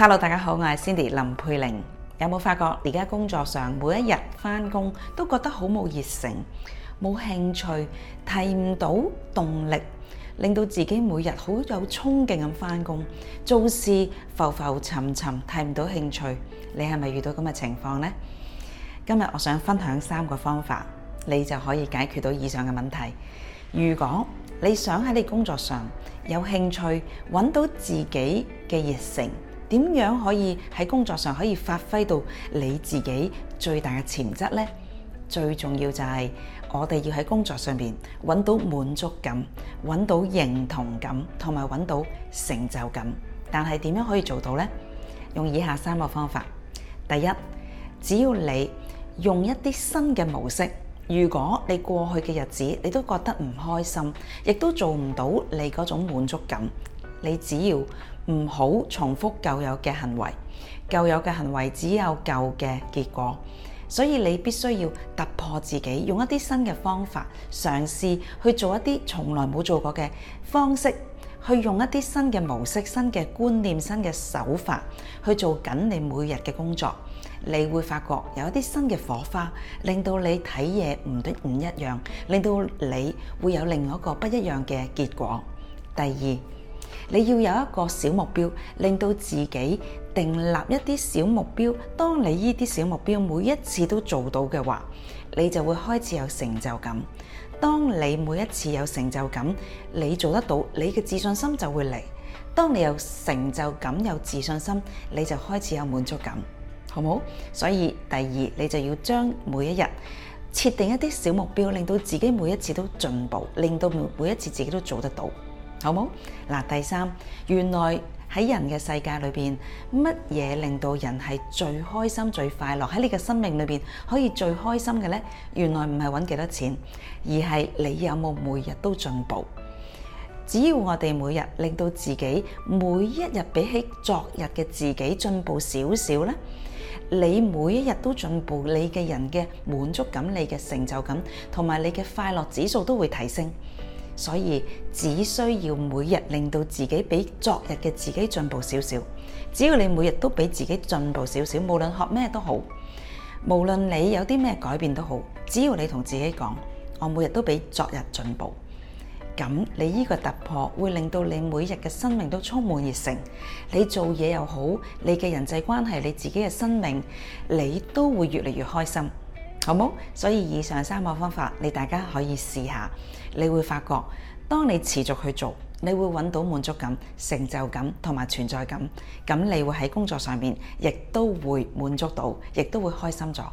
Hello，大家好，我係 Cindy 林佩玲。有冇發覺而家工作上每一日翻工都覺得好冇熱誠、冇興趣、提唔到動力，令到自己每日好有衝勁咁翻工，做事浮浮沉沉，提唔到興趣。你係咪遇到咁嘅情況呢？今日我想分享三個方法，你就可以解決到以上嘅問題。如果你想喺你工作上有興趣，搵到自己嘅熱誠。點樣可以喺工作上可以發揮到你自己最大嘅潛質呢？最重要就係我哋要喺工作上面揾到滿足感、揾到認同感同埋揾到成就感。但係點樣可以做到呢？用以下三個方法。第一，只要你用一啲新嘅模式，如果你過去嘅日子你都覺得唔開心，亦都做唔到你嗰種滿足感。你只要唔好重複舊有嘅行為，舊有嘅行為只有舊嘅結果，所以你必須要突破自己，用一啲新嘅方法嘗試去做一啲從來冇做過嘅方式，去用一啲新嘅模式、新嘅觀念、新嘅手法去做緊你每日嘅工作，你會發覺有一啲新嘅火花，令到你睇嘢唔得唔一樣，令到你會有另外一個不一樣嘅結果。第二。你要有一個小目標，令到自己訂立一啲小目標。當你呢啲小目標每一次都做到嘅話，你就會開始有成就感。當你每一次有成就感，你做得到，你嘅自信心就會嚟。當你有成就感、有自信心，你就開始有滿足感，好冇？所以第二，你就要將每一日設定一啲小目標，令到自己每一次都進步，令到每一次自己都做得到。好冇嗱？第三，原來喺人嘅世界裏邊，乜嘢令到人係最開心、最快樂？喺你嘅生命裏邊可以最開心嘅呢？原來唔係揾幾多錢，而係你有冇每日都進步。只要我哋每日令到自己每一日比起昨日嘅自己進步少少呢，你每一日都進步，你嘅人嘅滿足感、你嘅成就感同埋你嘅快樂指數都會提升。所以只需要每日令到自己比昨日嘅自己進步少少，只要你每日都比自己進步少少，無論學咩都好，無論你有啲咩改變都好，只要你同自己講，我每日都比昨日進步，咁你呢個突破會令到你每日嘅生命都充滿熱誠，你做嘢又好，你嘅人際關係、你自己嘅生命，你都會越嚟越開心。好冇？所以以上三個方法，你大家可以試下。你會發覺，當你持續去做，你會揾到滿足感、成就感同埋存在感。咁你會喺工作上面，亦都會滿足到，亦都會開心咗。